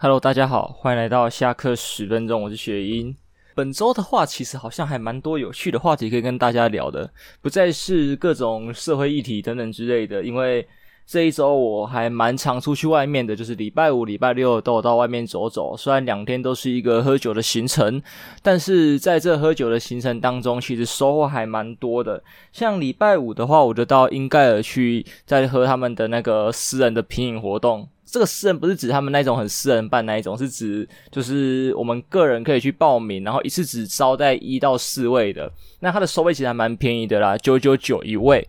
Hello，大家好，歡迎來到下課十分鐘。我是雪英。本周的話，其實好像還蠻多有趣的話題可以跟大家聊的，不再是各種社會議題等等之類的，因為。這一周我還蠻常出去外面的，就是禮拜五、禮拜六都有到外面走走。雖然兩天都是一個喝酒的行程，但是在這喝酒的行程當中，其實收穫還蠻多的。像禮拜五的話，我就到英蓋爾去，在喝他們的那個私人的品飲活動。這個私人不是指他們那種很私人辦那一種，是指就是我們個人可以去報名，然後一次只招待一到四位的。那它的收費其實還蠻便宜的啦，九九九一位。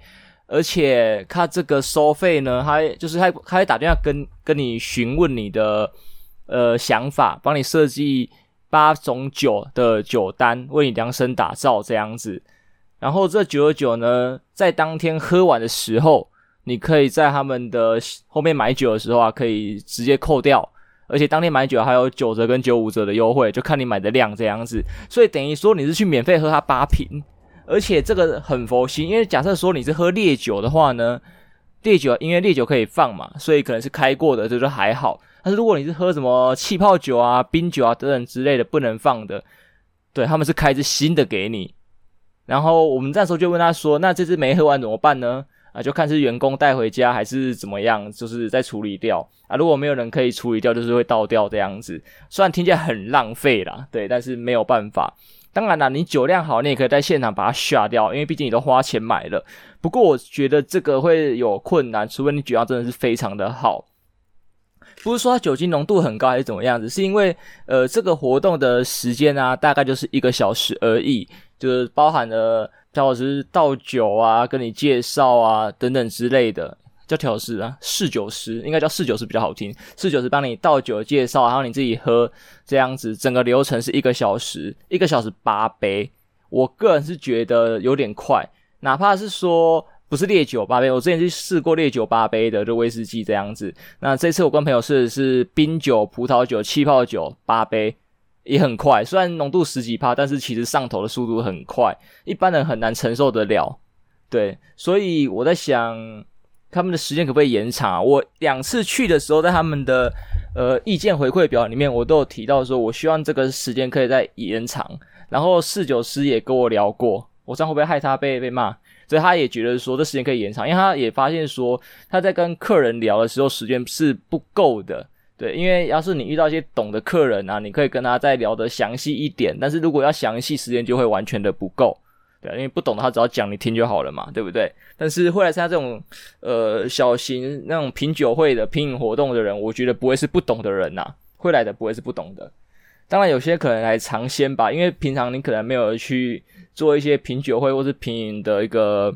而且他這個收費呢，他就是還他還打電話跟跟你詢問你的呃想法，幫你設計八種酒的酒單，為你量身打造這樣子。然後這九九九呢，在當天喝完的時候，你可以在他們的後面買酒的時候啊，可以直接扣掉。而且當天買酒還有九折跟九五折的優惠，就看你買的量這樣子。所以等於說你是去免費喝他八瓶。而且這個很佛心，因為假設說你是喝烈酒的話呢，烈酒因為烈酒可以放嘛，所以可能是開過的，就說還好。但是如果你是喝什麼氣泡酒啊、冰酒啊等等之類的，不能放的，對，他們是開一支新的給你。然後我們這時候就問他說：“那這支沒喝完怎麼辦呢？”啊，就看是員工帶回家還是怎麼樣，就是再處理掉啊。如果沒有人可以處理掉，就是會倒掉這樣子。雖然聽起來很浪費啦，對，但是沒有辦法。當然了，你酒量好，你也可以在現場把它喝掉，因為畢竟你都花錢買了。不過我覺得這個會有困難，除非你酒量真的是非常的好，不是說它酒精濃度很高還是怎麼樣子，是因為呃，這個活動的時間啊，大概就是一個小時而已，就是包含了半小時倒酒啊、跟你介紹啊等等之類的。叫調師啊，侍酒師應該叫侍酒師比較好聽。侍酒師幫你倒酒、介紹，然後你自己喝這樣子，整個流程是一個小時，一個小時八杯。我個人是覺得有點快，哪怕是說不是烈酒八杯，我之前去試過烈酒八杯的，就威士忌這樣子。那這次我跟朋友試的是冰酒、葡萄酒、氣泡酒八杯，也很快。雖然濃度十幾趴，但是其實上頭的速度很快，一般人很難承受得了。對，所以我在想。他們的時間可不可以延長啊？我兩次去的時候，在他們的呃意見回饋表裡面，我都有提到說，我希望這個時間可以再延長。然後調酒師也跟我聊過，我這樣會不會害他被被罵？所以他也覺得說，這時間可以延長，因為他也發現說，他在跟客人聊的時候，時間是不夠的。對，因為要是你遇到一些懂的客人啊，你可以跟他再聊得詳細一點，但是如果要詳細，時間就會完全的不夠。對啊，因為不懂他只要講你聽就好了嘛，對不對？但是會來像這種呃小型那種品酒會的品飲活動的人，我覺得不會是不懂的人吶、啊。會來的不會是不懂的，當然有些可能還嘗鮮吧。因為平常你可能沒有去做一些品酒會或是品飲的一個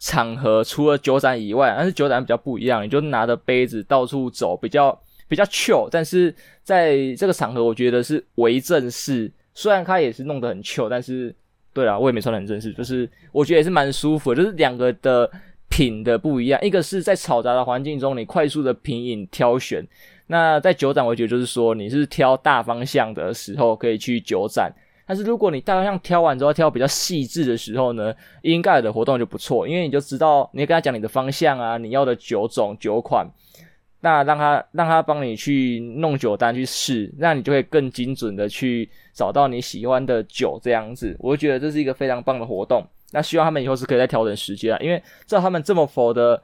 場合，除了酒展以外，但是酒展比較不一樣，你就拿着杯子到處走，比較比較 chill。但是在這個場合，我覺得是微正式，雖然他也是弄得很 chill，但是。對啊，我也沒說的很正式，就是我覺得也是蠻舒服的，就是兩個的品的不一樣，一個是在嘈雜的環境中你快速的品飲挑選，那在酒展我覺得就是說你是挑大方向的時候可以去酒展，但是如果你大方向挑完之後挑比較細緻的時候呢，英蓋爾的活動就不錯，因為你就知道，你跟他講你的方向啊，你要的酒種、酒款。那讓他讓他幫你去弄酒單去試，那你就會更精準的去找到你喜歡的酒這樣子。我就覺得這是一個非常棒的活動。那希望他們以後是可以再調整時間，因為照他們這麼佛的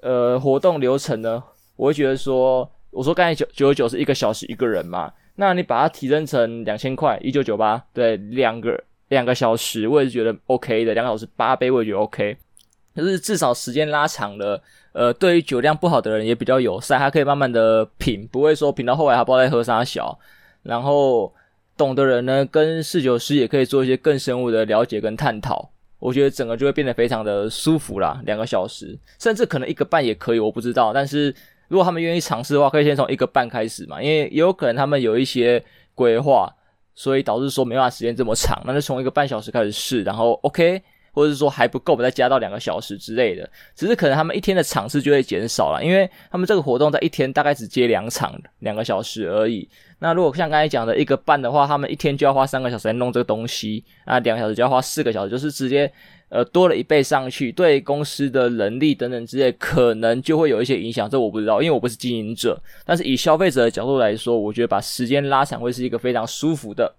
呃活動流程呢，我會覺得說，我說剛才九九九是一個小時一個人嘛，那你把它提升成兩千塊一九九八，1998, 對，兩個兩個小時，我也是覺得 OK 的，兩個小時八杯我也覺得 OK。就是至少時間拉長了，呃，對於酒量不好的人也比較友善，還可以慢慢的品，不會說品到後來他不知道在喝啥小。然後懂的人呢，跟試酒師也可以做一些更深入的了解跟探討。我覺得整個就會變得非常的舒服啦，兩個小時，甚至可能一個半也可以，我不知道。但是如果他們願意嘗試的話，可以先從一個半開始嘛，因為也有可能他們有一些規劃，所以導致說沒辦法時間這麼長，那就從一個半小時開始試，然後 OK。或者是說還不夠，再加到兩個小時之類的，只是可能他們一天的場次就會減少了，因為他們這個活動在一天大概只接兩場，兩個小時而已。那如果像剛才講的一個半的話，他們一天就要花三個小時來弄這個東西，那兩個小時就要花四個小時，就是直接呃多了一倍上去，對公司的能力等等之類，可能就會有一些影響。這我不知道，因為我不是經營者，但是以消費者的角度來說，我覺得把時間拉長會是一個非常舒服的。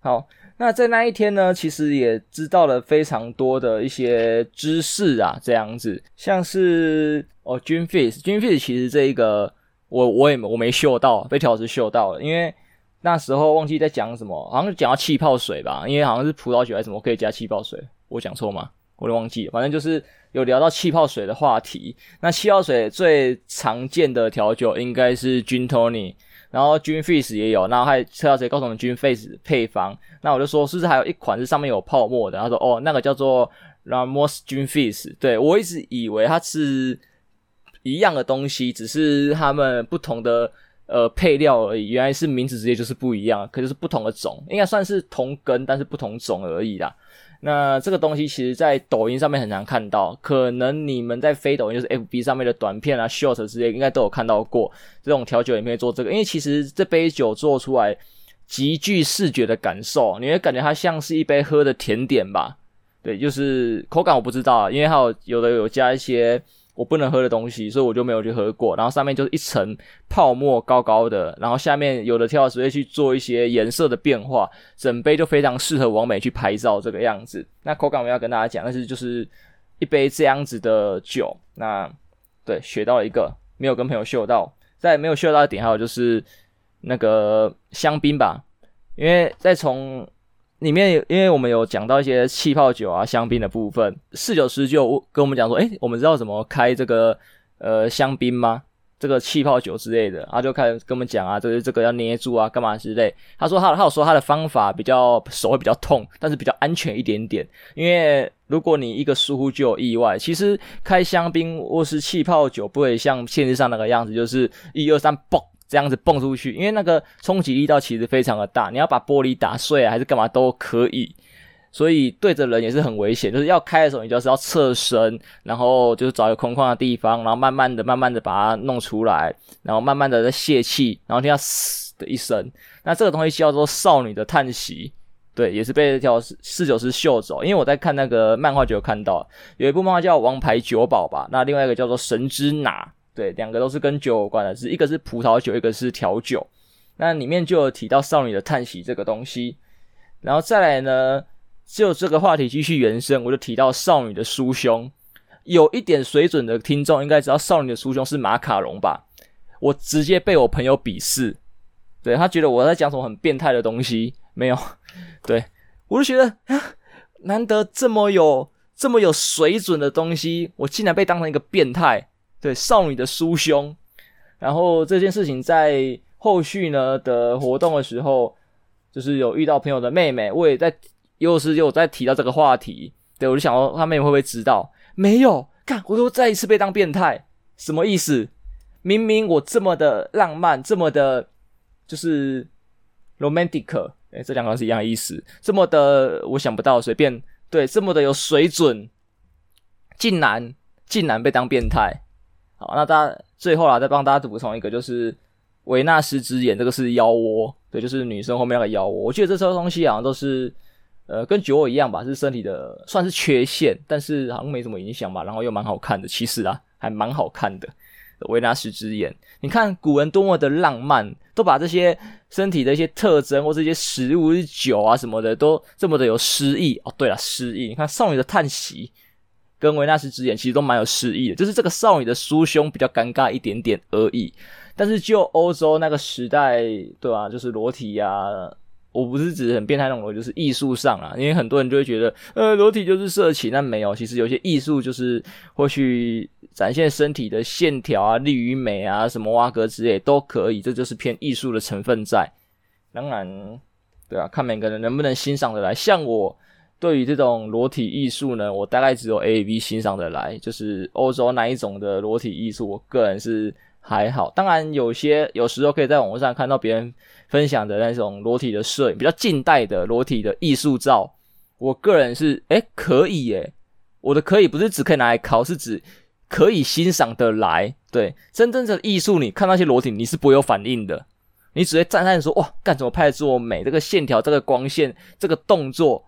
好。那在那一天呢，其實也知道了非常多的一些知識啊，這樣子，像是哦，Gin Fizz，Gin Fizz，其實這一個我我也我沒嗅到，被調師嗅到了，因為那時候忘記在講什麼，好像講到氣泡水吧，因為好像是葡萄酒還是什麼可以加氣泡水，我講錯嗎？我都忘記了，反正就是有聊到氣泡水的話題。那氣泡水最常見的調酒應該是 Gin Tonic 然後 Gin Fizz 也有，然後還有車小姐告訴我們 Gin Fizz 配方，那我就說是不是還有一款是上面有泡沫的？他說哦，那個叫做 Ramos Gin Fizz。對，我一直以為它是一樣的東西，只是他們不同的呃配料而已。原來是名字直接就是不一樣，可就是不同的種，應該算是同根，但是不同種而已啦。那這個東西其實，在抖音上面很常看到，可能你們在非抖音，就是 FB 上面的短片啊、Short 之類，應該都有看到過這種調酒，也會做這個。因為其實這杯酒做出來極具視覺的感受，你會感覺它像是一杯喝的甜點吧？對，就是口感我不知道，因為還有有的有加一些。我不能喝的東西，所以我就沒有去喝過。然後上面就是一層泡沫高高的，然後下面有的調酒師會去做一些顏色的變化，整杯就非常適合完美去拍照這個樣子。那口感我要跟大家講，但是就是一杯這樣子的酒，那對學到了一個，沒有跟朋友秀到。在沒有秀到的點還有就是那個香檳吧，因為在從裡面，因為我們有講到一些氣泡酒啊、香檳的部分，侍酒師就跟我們講說，哎、欸，我們知道怎麼開這個呃香檳嗎？這個氣泡酒之類的，他就開始跟我們講啊，就是這個要捏住啊，幹嘛之類。他說他他有說他的方法比較手會比較痛，但是比較安全一點點，因為如果你一個疏忽就有意外。其實開香檳或是氣泡酒不會像現實上那個樣子，就是一二三，嘣。這樣子蹦，出去，因為那個衝擊力道其實非常的大，你要把玻璃打碎還是幹嘛都可以，所以對着人也是很危險。就是要開的時候，你就是要側身，然後就是找一個空曠的地方，然後慢慢的、慢慢的把它弄出來，然後慢慢的在泄氣，然後聽到嘶的一聲，那這個東西叫做少女的嘆息。對，也是被叫四九師秀走，因為我在看那個漫畫就有看到，有一部漫畫叫《王牌酒保》吧，那另外一個叫做《神之雫》。對，兩個都是跟酒有關的，是一個是葡萄酒，一個是調酒。那裡面就有提到少女的嘆息這個東西，然後再來呢，就這個話題繼續延伸，我就提到少女的酥胸。有一點水準的聽眾應該知道，少女的酥胸是馬卡龍吧？我直接被我朋友鄙視，對，他覺得我在講什麼很變態的東西，沒有，對，我就覺得啊，難得這麼有這麼有水準的東西，我竟然被當成一個變態。對少女的酥胸。然後這件事情在後續呢的活動的時候，就是有遇到朋友的妹妹，我也在又是又在提到這個話題，對，我就想說他妹妹會不會知道？沒有，看我都再一次被當變態，什麼意思？明明我這麼的浪漫，這麼的就是 romantic，哎，這兩個是一樣的意思，這麼的我想不到，隨便對，這麼的有水準，竟然竟然被當變態。好，那大家最後啊，再幫大家補充一個，就是維納斯之眼，這個是腰窩，對，就是女生後面那個腰窩。我覺得這車東西好像都是，呃，跟酒窩一樣吧，是身體的算是缺陷，但是好像沒什麼影響吧，然後又蠻好看的，其實啊，還蠻好看的。維納斯之眼，你看古人多麼的浪漫，都把這些身體的一些特徵或這些食物酒啊什麼的，都這麼的有詩意。哦，對了，詩意，你看少女的嘆息。跟維納斯之眼其實都蠻有詩意的，就是這個少女的酥胸比較尷尬一點點而已。但是就歐洲那個時代，對吧，啊？就是裸體啊，我不是指很變態那種，就是藝術上啊。因為很多人就會覺得，呃，裸體就是色情，但沒有。其實有些藝術就是或許展現身體的線條啊、力與美啊、什麼挖格之類都可以，這就是偏藝術的成分在。當然，對啊，看每個人能不能欣賞得來。像我。對於這種裸體藝術呢，我大概只有 AV 欣賞得來，就是歐洲哪一種的裸體藝術，我個人是還好。當然，有些有時候可以在網絡上看到別人分享的那種裸體的攝影，比較近代的裸體的藝術照，我個人是誒可以耶。我的可以不是只可以拿來考，是指可以欣賞得來。對，真正的藝術，你看那些裸體，你是不會有反應的，你只會讚嘆說，哇，幹什麼拍得這麼美？這個線條，這個光線，這個動作。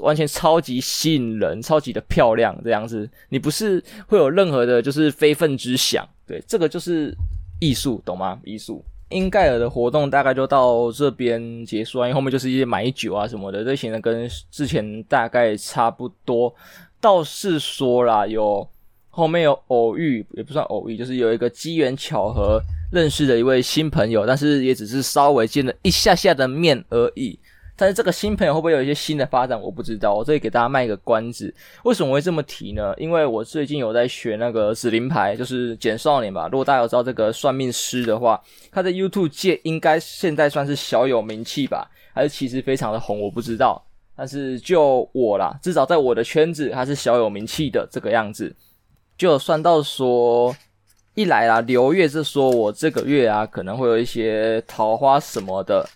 完全超級吸引人，超級的漂亮這樣子，你不是會有任何的就是非分之想？對，這個就是藝術，懂嗎？藝術。英蓋爾的活動大概就到這邊結束，因為後面就是一些買酒啊什麼的這些呢，跟之前大概差不多。倒是說啦，有後面有偶遇，也不算偶遇，就是有一個機緣巧合認識了一位新朋友，但是也只是稍微見了一下下的面而已。但是這個新朋友會不會有一些新的發展？我不知道，我這裡給大家賣一個關子。為什麼會這麼提呢？因為我最近有在學那個紫靈牌，就是簡少年吧。如果大家有知道這個算命師的話，他在 YouTube 界應該現在算是小有名氣吧？還是其實非常的紅？我不知道。但是就我啦，至少在我的圈子，他是小有名氣的這個樣子。就算到說，一來啦，流月是說我這個月啊，可能會有一些桃花什麼的。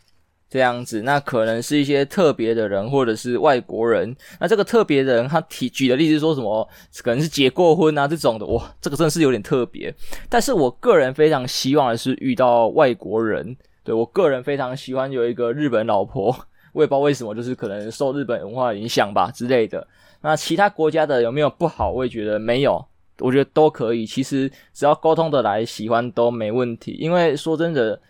這樣子，那可能是一些特別的人，或者是外國人。那這個特別的人，他提舉的例子說什麼？可能是結過婚啊這種的。哇，這個真的是有點特別。但是我個人非常希望的是遇到外國人，對，我個人非常喜歡有一個日本老婆，我也不知道為什麼，就是可能受日本文化影響吧之類的。那其他國家的有沒有不好？我也覺得沒有，我覺得都可以。其實只要溝通的來，喜歡都沒問題。因為說真的。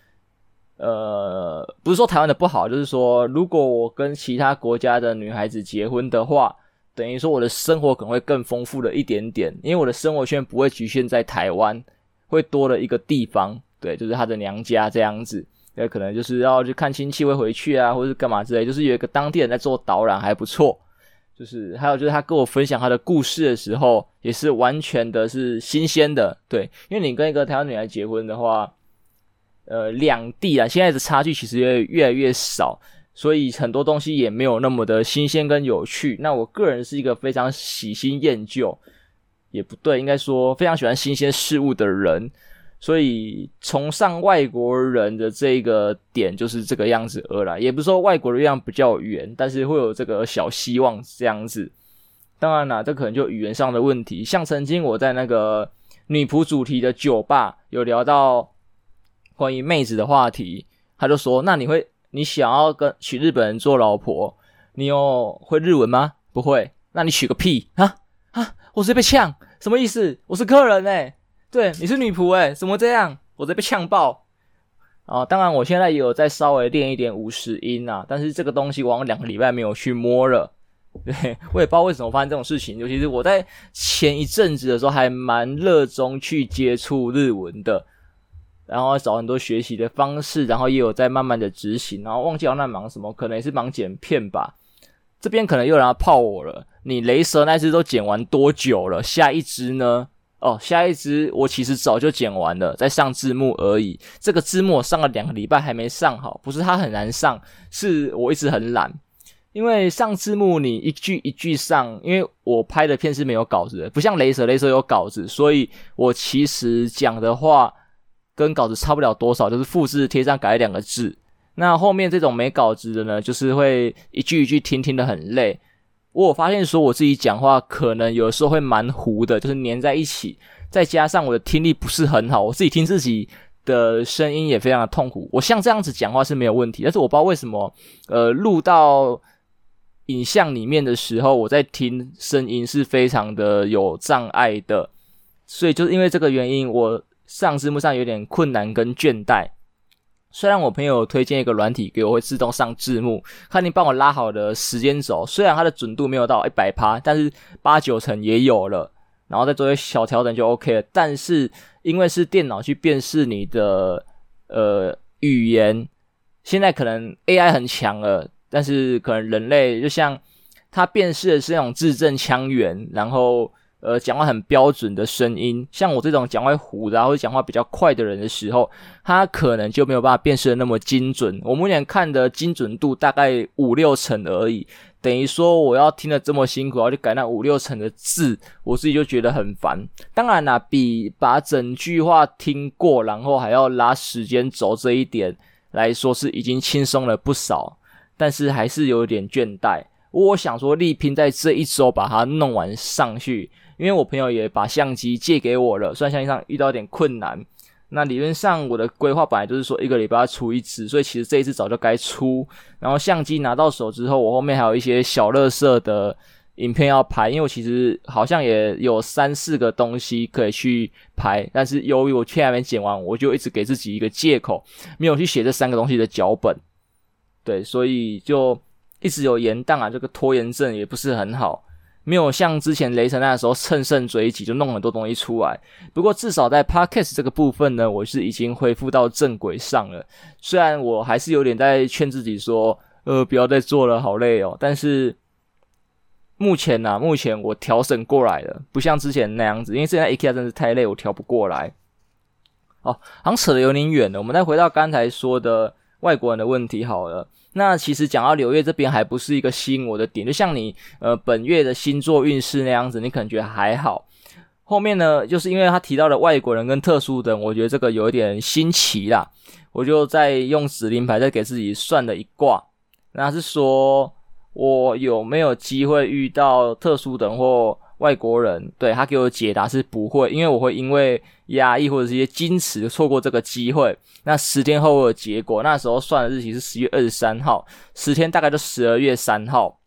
呃，不是說台灣的不好，就是說如果我跟其他國家的女孩子結婚的話，等於說我的生活可能會更豐富了一點點，因為我的生活圈不會局限在台灣，會多了一個地方，對，就是她的娘家這樣子，也可能就是要去看親戚，會回去啊，或者是幹嘛之類，就是有一個當地人在做導覽還不錯，就是還有就是他跟我分享他的故事的時候，也是完全的是新鮮的，對，因為你跟一個台灣女孩結婚的話。呃，兩地啊，現在的差距其實也越來越少，所以很多東西也沒有那麼的新鮮跟有趣。那我個人是一個非常喜新厭舊，也不對，應該說非常喜歡新鮮事物的人，所以崇尚外國人的這一個點就是這個樣子而來。也不是說外國的月亮比較圓，但是會有這個小希望這樣子。當然了，這可能就語言上的問題。像曾經我在那個女僕主題的酒吧有聊到。關於妹子的話題，他就說：“那你會，你想要跟娶日本人做老婆，你有會日文嗎？不會，那你娶個屁啊啊！我直接被嗆，什麼意思？我是客人欸，對，你是女僕欸，怎麼這樣？我直接被嗆爆啊！當然，我現在也有在稍微練一點五十音啊，但是這個東西我兩個禮拜沒有去摸了。對，我也不知道為什麼，發生這種事情，尤其是我在前一陣子的時候還蠻熱衷去接觸日文的。”然後找很多學習的方式，然後也有在慢慢的執行，然後忘記要那忙什麼，可能也是忙剪片吧。這邊可能有人要泡我了。你雷蛇那支都剪完多久了？下一支呢？哦，下一支我其實早就剪完了，在上字幕而已。這個字幕我上了兩個禮拜還沒上好，不是它很難上，是我一直很懶。因為上字幕你一句一句上，因為我拍的片是沒有稿子的，不像雷蛇，雷蛇有稿子，所以我其實講的話。跟稿子差不了多少，就是複製貼上改兩個字。那後面這種沒稿子的呢，就是會一句一句聽，聽得很累。我有發現說我自己講話可能有時候會蠻糊的，就是黏在一起。再加上我的聽力不是很好，我自己聽自己的聲音也非常的痛苦。我像這樣子講話是沒有問題，但是我不知道為什麼，呃，錄到影像裡面的時候，我在聽聲音是非常的有障礙的。所以就是因為這個原因，我。上字幕上有點困難跟倦怠，雖然我朋友推薦一個軟體給我會自動上字幕，看你幫我拉好的時間軸，雖然它的準度沒有到一百趴，但是八九成也有了，然後再做些小調整就 OK 了。但是因為是電腦去辨識你的呃語言，現在可能 AI 很強了，但是可能人類就像它辨識的是那種字正腔圓，然後。呃，講話很標準的聲音，像我這種講話虎的，啊，然後講話比較快的人的時候，他可能就沒有辦法辨識得那麼精準。我目前看的精準度大概五六成而已，等於說我要聽得這麼辛苦，然後就改那五六成的字，我自己就覺得很煩。當然啦，比把整句話聽過，然後還要拉時間軸這一點來說，是已經輕鬆了不少。但是還是有點倦怠。我想說，力拼在這一周把它弄完上去。因為我朋友也把相機借給我了，雖然相機上遇到點困難，那理論上我的規劃本來就是說一個禮拜要出一次，所以其實這一次早就該出。然後相機拿到手之後，我後面還有一些小樂色的影片要拍，因為我其實好像也有三四個東西可以去拍，但是由於我片還沒剪完，我就一直給自己一個借口，沒有去寫這三個東西的腳本。對，所以就一直有延宕啊，這個拖延症也不是很好。沒有像之前雷神那的時候乘勝追擊，就弄很多東西出來。不過至少在 podcast 這個部分呢，我是已經恢復到正軌上了。雖然我還是有點在勸自己說，呃，不要再做了，好累哦。但是目前呢、啊，目前我調整過來了，不像之前那樣子，因為現在 IKEA 真的是太累，我調不過來。哦，好像扯得有點遠了，我們再回到剛才說的。外國人的問題好了，那其實講到流月這邊還不是一個吸引我的點，就像你呃本月的星座運勢那樣子，你可能覺得還好。後面呢，就是因為他提到了外國人跟特殊等，我覺得這個有一點新奇啦，我就在用紫靈牌再給自己算了一卦，那是說我有沒有機會遇到特殊等或。外國人，對，他給我的解答是不會，因為我會因為壓抑或者是一些矜持，錯過這個機會。那十天後的結果，那時候算的日期是十月二十三號，十天大概就十二月三號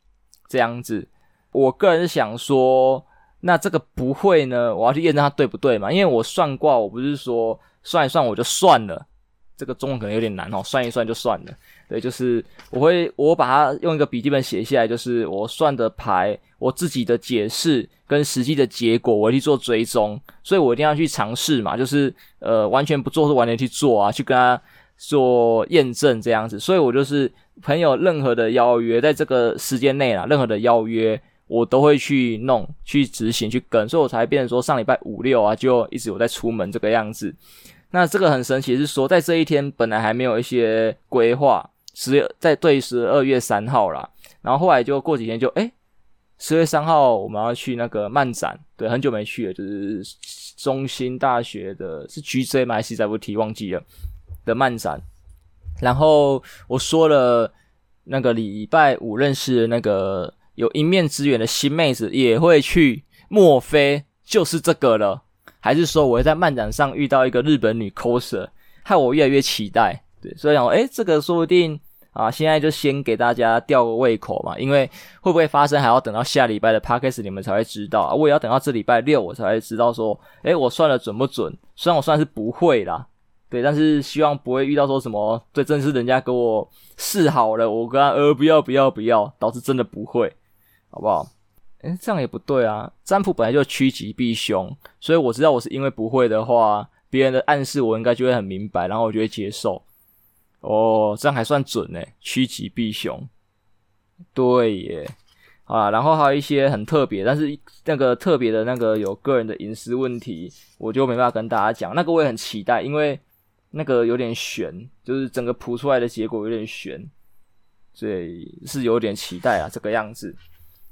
這樣子。我個人是想說，那這個不會呢？我要去驗證它對不對嘛？因為我算卦，我不是說算一算我就算了。這個中文可能有點難哦，算一算就算了。對，就是我會我把它用一個筆記本寫下來，就是我算的牌，我自己的解釋跟實際的結果，我會去做追蹤。所以我一定要去嘗試嘛，就是呃完全不做是完全去做啊，去跟它做驗證這樣子。所以我就是朋友任何的邀約，在這個時間內啦，任何的邀約我都會去弄、去執行、去跟，所以我才變成說上禮拜五六啊就一直我在出門這個樣子。那這個很神奇，是說在這一天本來還沒有一些規劃，十在對十二月三號啦，然後後來就過幾天就哎，十二月三號我們要去那個漫展，對，很久沒去了，就是中興大學的，是 GZ 還是 CWT 忘記了的漫展，然後我說了那個禮拜五認識的那個有一面之緣的新妹子也會去，莫非就是這個了？還是說我會在漫展上遇到一個日本女 coser，害我越來越期待。對，所以講，哎、欸，這個說不定啊，現在就先給大家吊個胃口嘛，因為會不會發生還要等到下禮拜的 podcast 你們才會知道。啊、我也要等到這禮拜六我才會知道說，哎、欸，我算得準不準？雖然我算是不會啦，對，但是希望不會遇到說什麼，對，真是人家給我示好了，我跟他說不要不要不要，導致真的不會，好不好？誒，這樣也不對啊！占卜本來就趨吉避凶，所以我知道我是因為不會的話，別人的暗示我應該就會很明白，然後我就會接受。哦，這樣還算準欸，趨吉避凶。對耶，啊，然後還有一些很特別，但是那個特別的那個有個人的隱私問題，我就沒辦法跟大家講。那個我也很期待，因為那個有點懸，就是整個鋪出來的結果有點懸，所以是有點期待啊，這個樣子。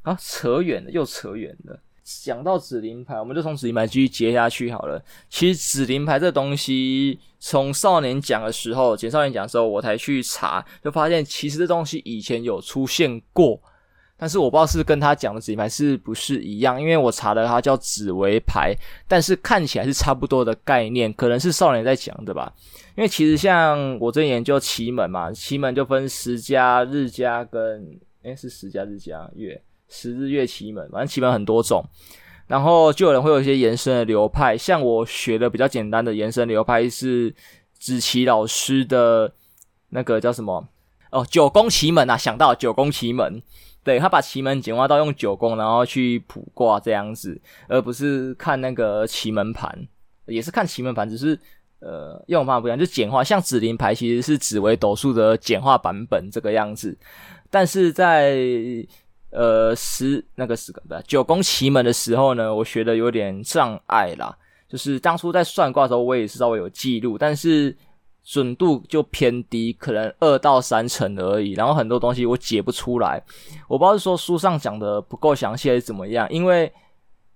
啊，扯遠了，又扯遠了。講到紫靈牌，我們就從紫靈牌繼續接下去好了。其實紫靈牌這東西，從少年講的時候，前少年講的時候，我才去查，就發現其實這東西以前有出現過。但是我不知道是跟他講的紫靈牌是不，是不是一樣，因為我查的它叫紫薇牌，但是看起來是差不多的概念，可能是少年在講的吧。因為其實像我這研究奇門嘛，奇門就分時家日家跟，哎、欸，是時家日家月，十日月奇門，反正奇門很多種，然後就有人會有一些延伸的流派，像我學的比較簡單的延伸流派是子奇老師的那個叫什麼哦九宮奇門啊，想到了九宮奇門，對，他把奇門簡化到用九宮，然後去卜卦這樣子，而不是看那個奇門盤，也是看奇門盤，只是呃用方法不一樣，就簡化，像紫靈牌其實是紫微斗數的簡化版本這個樣子，但是在。呃，十那個十個九宮奇門的時候呢，我學的有點障礙啦。就是當初在算卦的時候，我也是稍微有記錄，但是準度就偏低，可能二到三成而已。然後很多東西我解不出來，我不知道是說書上講的不夠詳細，還是怎麼樣。因為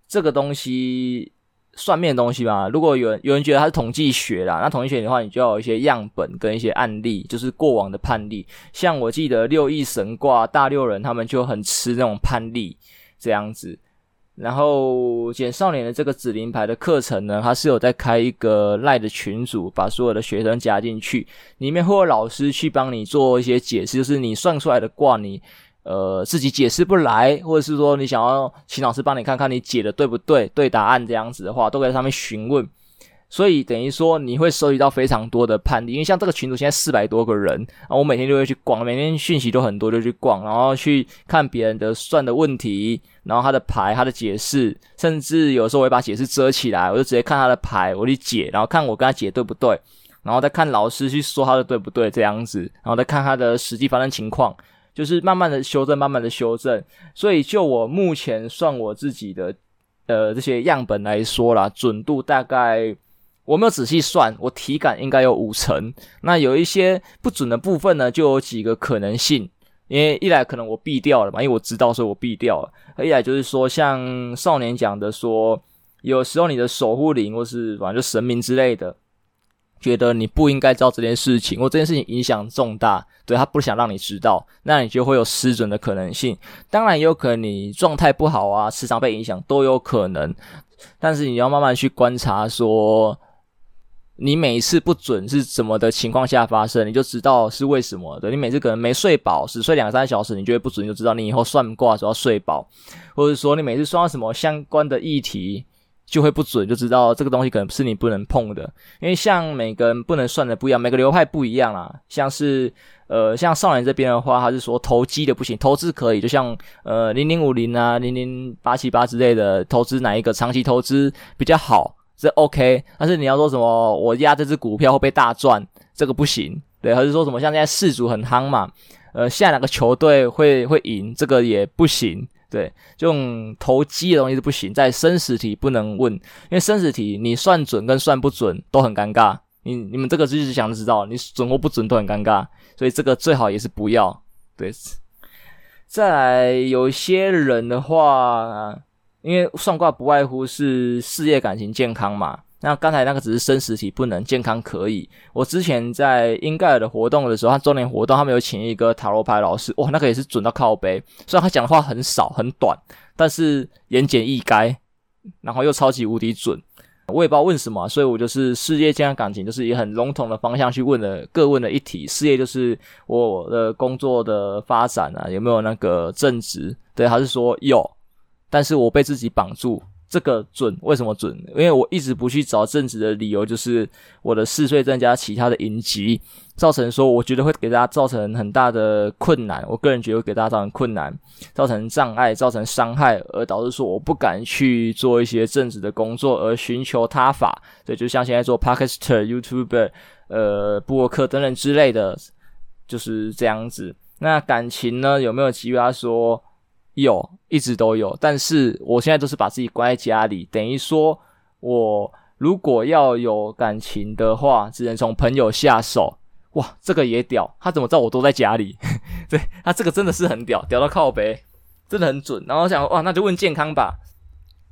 這個東西。算命東西嘛，如果有人，有人覺得它是統計學啦，那統計學的話，你就要有一些樣本跟一些案例，就是過往的判例。像我記得六爻神卦、大六壬，他們就很吃那種判例這樣子。然後簡少年的這個紫靈牌的課程呢，他是有在開一個 Line 的群組，把所有的學生加進去，裡面會有老師去幫你做一些解釋，就是你算出來的卦你。呃，自己解釋不來，或者是說你想要請老師幫你看看你解的對不對，對答案這樣子的話，都可以在上面詢問。所以等於說你會收集到非常多的判例，因為像這個群組現在四百多個人，然後我每天都會去逛，每天訊息都很多，就去逛，然後去看別人的算的問題，然後他的牌、他的解釋，甚至有時候我會把解釋遮起來，我就直接看他的牌，我去解，然後看我跟他解對不對，然後再看老師去說他的對不對這樣子，然後再看他的實際發生情況。就是慢慢的修正，慢慢的修正。所以就我目前算我自己的，呃，這些樣本來說啦，準度大概我沒有仔細算，我體感應該有五成。那有一些不準的部分呢，就有幾個可能性。因為一來可能我避掉了嘛，因為我知道，所以我避掉了。一來就是說，像少年講的說，有時候你的守護靈或是反正就神明之類的。覺得你不應該知道這件事情，或這件事情影響重大，對，他不想讓你知道，那你就會有失準的可能性。當然，也有可能你狀態不好啊，時常被影響都有可能。但是你要慢慢去觀察說，說你每一次不準是怎麼的情況下發生，你就知道是為什麼的。你每次可能沒睡飽，只睡兩三小時，你就會不準，你就知道你以後算卦的時候要睡飽，或者說你每次算到什麼相關的議題，就會不準，就知道這個東西可能是你不能碰的，因為像每個人不能算的不一樣，每個流派不一樣啦、啊。像是呃，像少年這邊的話，他是說投機的不行，投資可以，就像呃零零五零啊、零零八七八之類的，投資哪一個長期投資比較好這 OK。但是你要說什麼我押這只股票會被大賺，這個不行，對。還是說什麼像現在世足很夯嘛，呃，現在哪個球隊會會贏，這個也不行。對，這種投機的東西是不行，在生死題不能問，因為生死題你算準跟算不準都很尷尬。你你們這個就是想知道，你準或不準都很尷尬，所以這個最好也是不要。對，再來有些人的話，因為算卦，不外乎是事業、感情、健康嘛。那剛才那個只是生死體，不能，健康可以。我之前在英蓋爾的活動的時候，他周年活動，他們有請一個塔羅牌老師，哇，那個也是準到靠背。雖然他講的話很少很短，但是言簡意賅，然後又超級無敵準。我也不知道問什麼啊，所以我就是事業、健康、感情，就是以很籠統的方向去問了，各問了一題。事業就是我的工作的發展啊，有沒有那個正職？對，還是說有，但是我被自己綁住。這個準為什麼準？因為我一直不去找正職的理由，就是我的嗜睡增加其他的隱疾，造成說我覺得會給大家造成很大的困難。我個人覺得會給大家造成困難，造成障礙，造成傷害，而導致說我不敢去做一些正職的工作，而尋求他法。所以就像現在做 Podcast YouTuber、呃、呃，部落客等等之類的，就是這樣子。那感情呢？有沒有啟他說有，一直都有，但是我現在都是把自己關在家裡，等於說我如果要有感情的話，只能從朋友下手。哇，這個也屌，他怎麼知道我都在家裡？ 對，他這個真的是很屌，屌到靠北，真的很準。然後我想，哇，那就問健康吧，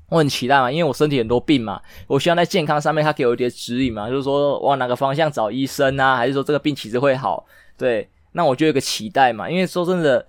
我很期待嘛，因為我身體很多病嘛，我希望在健康上面他給我一點指引嘛，就是說往哪個方向找醫生啊，還是說這個病其實會好？對，那我就有個期待嘛，因為說真的。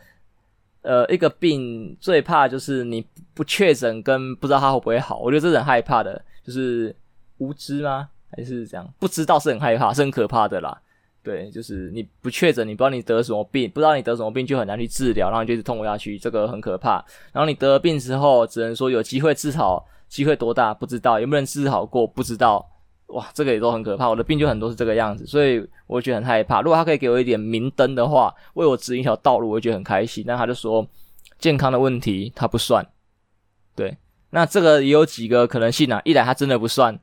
呃，一個病最怕就是你不確診跟不知道它會不會好，我覺得這是很害怕的，就是無知嗎？還是怎樣？不知道是很害怕，是很可怕的啦。對，就是你不確診，你不知道你得什麼病，不知道你得什麼病就很難去治療，然後你就是痛苦下去，這個很可怕。然後你得了病之後，只能說有機會治好，機會多大不知道，有沒有人治好過不知道。哇，這個也都很可怕。我的病就很多是這個樣子，所以我覺得很害怕。如果他可以給我一點明燈的話，為我指引一條道路，我覺得很開心。那他就說，健康的問題他不算。對，那這個也有幾個可能性啊。一來他真的不算，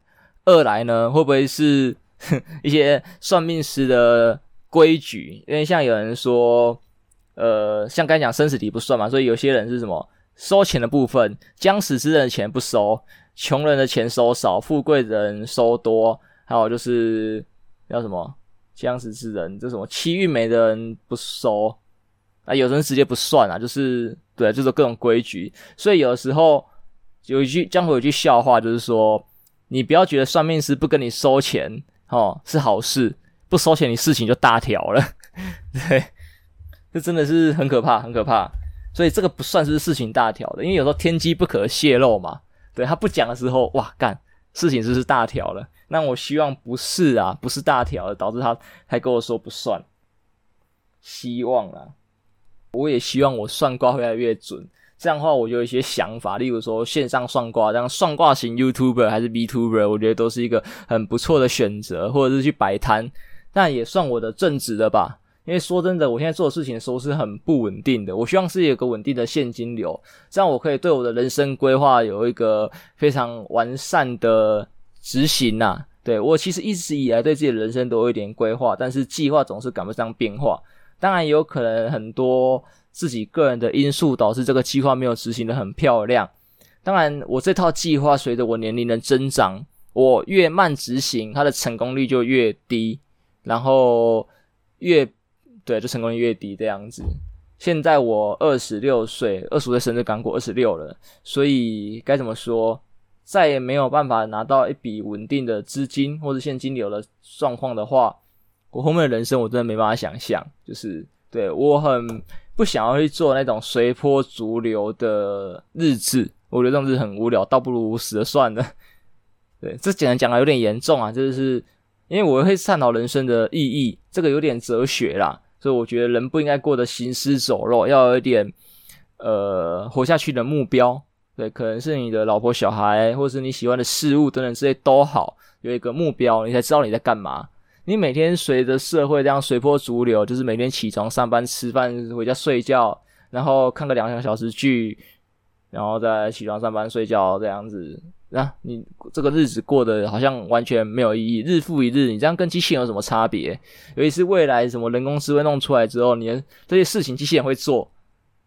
二來呢，會不會是，哼，一些算命師的規矩？因為像有人說，呃，像剛才講生死題不算嘛，所以有些人是什麼收錢的部分，將死之人的錢不收。窮人的錢收少，富貴人收多，還有就是叫什麼？將死之人，這什麼七玉沒的人不收，啊，有人直接不算啊，就是對，就是各種規矩。所以有的時候有一句江湖，有一句笑話，就是說你不要覺得算命師不跟你收錢哦是好事，不收錢你事情就大條了，對，這真的是很可怕，很可怕。所以這個不算是事情大條的，因為有時候天機不可泄露嘛。對他不講的時候，哇幹，事情就是，是大條了。那我希望不是啊，不是大條的，導致他還跟我說不算。希望啊，我也希望我算卦越來越準。這樣的話，我就有一些想法，例如說線上算卦，這樣算卦型 YouTuber 還是 VTuber，我覺得都是一個很不錯的選擇，或者是去擺攤，那也算我的正職的吧。因為說真的，我現在做的事情的時候是很不穩定的。我希望是有個穩定的現金流，這樣我可以對我的人生規劃有一個非常完善的執行吶、啊。對我其實一直以來對自己的人生都有一點規劃，但是計劃總是趕不上變化。當然，也有可能很多自己個人的因素導致這個計劃沒有執行得很漂亮。當然，我這套計劃隨着我年齡的增長，我越慢執行，它的成功率就越低，然後越。對，就成功率越低，這樣子。現在我二十六歲，二十五歲生日剛過，二十六了。所以該怎麼說，再也沒有辦法拿到一筆穩定的資金或者現金流的狀況的話，我後面的人生我真的沒辦法想象。就是對，我很不想要去做那種隨波逐流的日子，我覺得這種日子很無聊，倒不如死了算了。對，這講得講的有點嚴重啊，就是因為我會探討人生的意義，這個有點哲學啦。所以我覺得人不應該過得行屍走肉，要有一點，呃，活下去的目標。對，可能是你的老婆、小孩，或者是你喜歡的事物等等之類都好，有一個目標，你才知道你在幹嘛。你每天隨着社會這樣隨波逐流，就是每天起床上班、吃飯、回家睡覺，然後看個兩個小時劇，然後再起床上班、睡覺這樣子。那、啊、你這個日子過得好像完全沒有意義，日復一日，你這樣跟機器人有什麼差別？尤其是未來什麼人工智慧弄出來之後，你的這些事情機器人會做，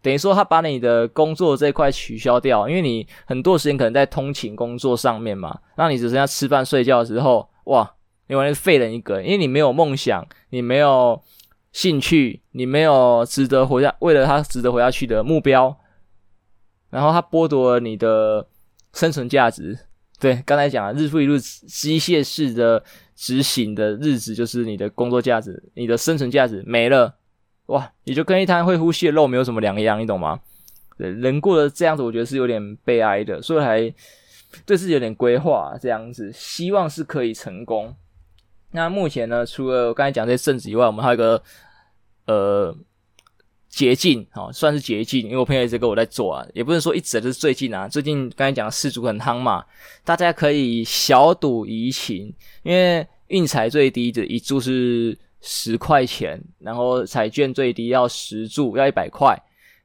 等於說他把你的工作這一塊取消掉，因為你很多時間可能在通勤、工作上面嘛，那你只剩下吃飯、睡覺的時候，哇，你完全是廢人一個人，因為你沒有夢想，你沒有興趣，你沒有值得活下、為了他值得活下去的目標，然後他剝奪了你的。生存價值，對，剛才講了，日復一日機械式的執行的日子，就是你的工作價值，你的生存價值沒了，哇，你就跟一灘會呼吸的肉沒有什麼兩樣，你懂嗎？人過得這樣子，我覺得是有點悲哀的，所以還對自己有點規劃，這樣子，希望是可以成功。那目前呢，除了我剛才講這些正職以外，我們還有一個，呃。捷徑，好、哦、算是捷徑，因為我朋友一直跟我在做啊，也不是說一直，就是最近啊，最近剛才講世足很夯嘛，大家可以小賭怡情，因為運彩最低的一注是十塊錢，然後彩券最低要十注要一百塊，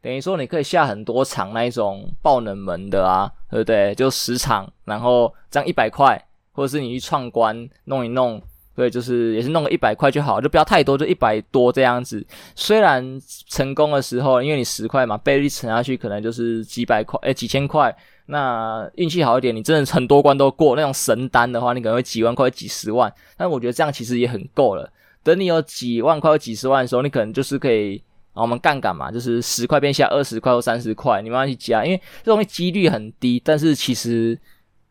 等於說你可以下很多場那一種爆冷門的啊，對不對？就十場，然後這樣一百塊，或者是你去闖關弄一弄。對就是也是弄個一百塊就好，就不要太多，就一百多這樣子。雖然成功的時候，因為你十塊嘛，倍率乘下去可能就是幾百塊，呃、欸，幾千塊。那運氣好一點，你真的很多關都過，那種神單的話，你可能會幾萬塊、幾十萬。但我覺得這樣其實也很夠了。等你有幾萬塊或幾十萬的時候，你可能就是可以啊，我們槓桿嘛，就是十塊變下二十塊或三十塊，你慢慢去加。因為這東西幾率很低，但是其實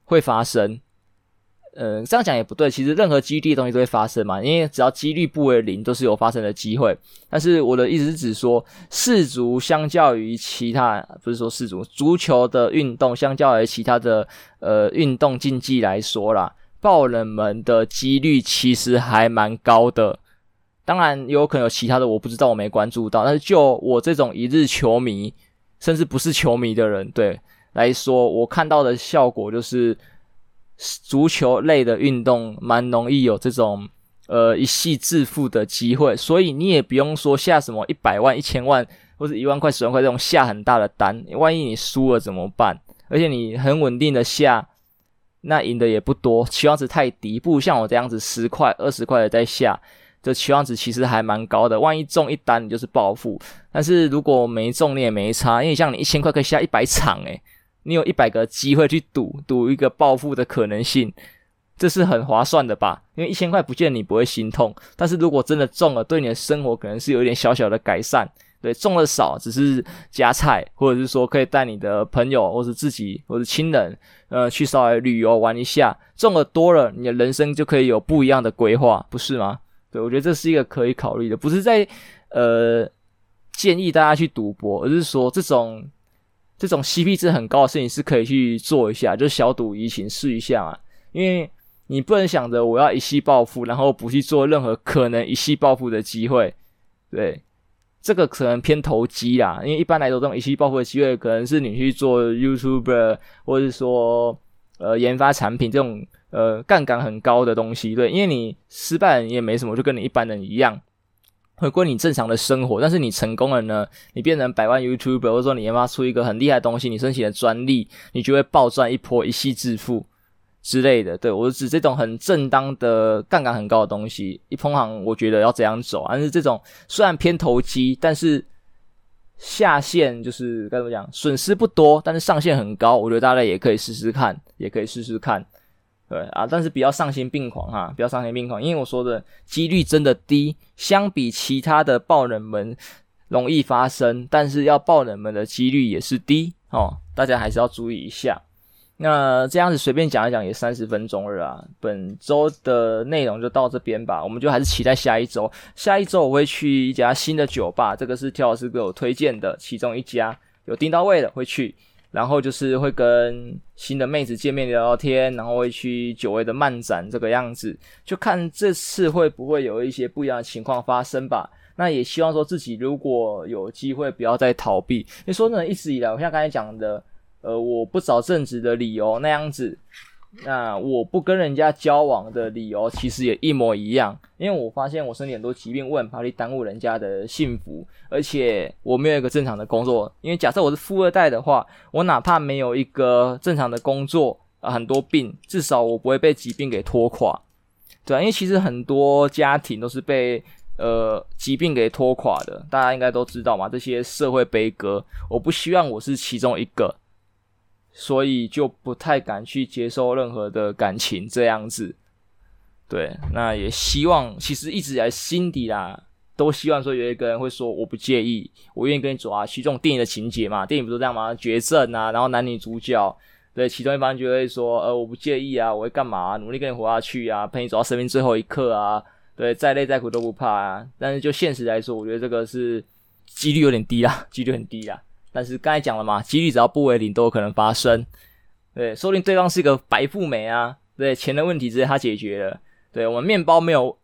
會發生。呃、嗯，這樣講也不對。其實任何機率的東西都會發生嘛，因為只要幾率不為零，都是有發生的機會。但是我的意思是說，世足相較於其他，不是說世足足球的運動相較於其他的呃運動競技來說啦，爆冷門的幾率其實還蠻高的。當然有可能有其他的，我不知道，我沒關注到。但是就我這種一日球迷，甚至不是球迷的人對來說，我看到的效果就是。足球類的運動蠻容易有這種呃一夕致富的機會，所以你也不用說下什麼一百萬、一千萬或者一萬塊、十萬塊這種下很大的單，萬一你輸了怎麼辦？而且你很穩定的下，那贏的也不多，期望值太低。不像我這樣子十塊、二十塊的在下，這期望值其實還蠻高的。萬一中一單，你就是暴富。但是如果沒中，你也沒差，因為像你一千塊可以下一百場、欸，誒。你有一百個機會去賭賭一個暴富的可能性，這是很划算的吧？因為一千塊不見你不會心痛，但是如果真的中了，對你的生活可能是有一點小小的改善。對，中了少只是加菜，或者是說可以帶你的朋友，或是自己，或是親人，呃，去稍微旅遊玩一下。中了多了，你的人生就可以有不一樣的規劃，不是嗎？對，我覺得這是一個可以考慮的，不是在呃建議大家去賭博，而是說這種。這種 CP 值很高的事情是可以去做一下，就小賭怡情試一下嘛。因為你不能想着我要一夕暴富，然後不去做任何可能一夕暴富的機會。對，這個可能偏投機啦。因為一般來說，這種一夕暴富的機會可能是你去做 YouTuber，或者是說呃研發產品這種呃槓桿很高的東西。對，因為你失敗你也沒什麼，就跟你一般人一樣。回歸你正常的生活，但是你成功了呢？你變成百萬 YouTuber，或者說你研發出一個很厲害的東西，你申請了專利，你就會暴賺一波，一夕致富之類的。對，我指這種很正當的槓桿很高的東西，一碰行我覺得要怎樣走？但是這種雖然偏投機，但是下限就是該怎麼講，損失不多，但是上限很高。我覺得大家也可以試試看，也可以試試看。對啊，但是比較喪心病狂哈，比較喪心病狂，因為我說的幾率真的低，相比其他的爆冷門容易發生，但是要爆冷門的幾率也是低哦，大家還是要注意一下。那這樣子隨便講一講也三十分鐘了啊，本周的內容就到這邊吧，我們就還是期待下一周，下一周我會去一家新的酒吧，這個是跳老師給我推薦的其中一家，有訂到位的會去。然後就是會跟新的妹子見面聊聊天，然後會去久違的漫展，這個樣子，就看這次會不會有一些不一樣的情況發生吧。那也希望說自己如果有機會，不要再逃避。你說呢？一直以來，我像剛才講的，呃，我不找正直的理由那樣子。那我不跟人家交往的理由，其實也一模一樣。因為我發現我身體很多疾病，我很怕去耽誤人家的幸福，而且我沒有一個正常的工作。因為假設我是富二代的話，我哪怕沒有一個正常的工作，啊、呃，很多病，至少我不會被疾病給拖垮。對啊，因為其實很多家庭都是被呃疾病給拖垮的，大家應該都知道嘛，這些社會悲歌。我不希望我是其中一個。所以就不太敢去接受任何的感情這樣子，對，那也希望，其實一直以來心底啦、啊，都希望說有一個人會說我不介意，我願意跟你走啊。其中電影的情節嘛，電影不是這樣嗎？絕症啊，然後男女主角對其中一方就會說，呃，我不介意啊，我會幹嘛、啊，努力跟你活下去啊，陪你走到生命最後一刻啊，對，再累再苦都不怕啊。但是就現實來說，我覺得這個是幾率有點低啊，幾率很低啊。但是剛才講了嘛，幾率只要不為零，都有可能發生。對，說不定對方是一個白富美啊，對，錢的問題直接他解決了。對我們麵包沒有，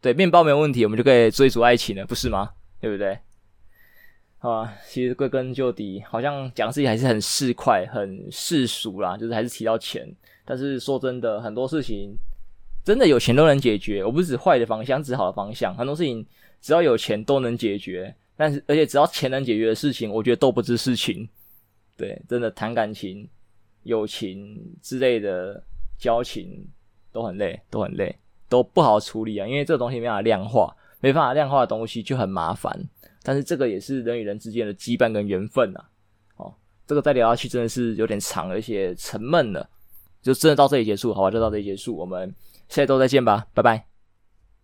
對麵包沒有問題，我們就可以追逐愛情了，不是嗎？對不對？啊，其實歸根究底，好像講的事情還是很市儈、很世俗啦，就是還是提到錢。但是說真的，很多事情真的有錢都能解決，我不是指壞的方向，指好的方向，很多事情只要有錢都能解決。但是，而且只要錢能解決的事情，我覺得都不是事情。對，真的談感情、友情之類的交情都很累，都很累，都不好處理啊。因為這個東西沒辦法量化，沒辦法量化的東西就很麻煩。但是這個也是人與人之間的羈絆跟緣分啊。哦，這個再聊下去真的是有點長了一些，而且沉悶了。就真的到這裡結束，好吧？就到這裡結束，我們下一周再見吧，拜拜。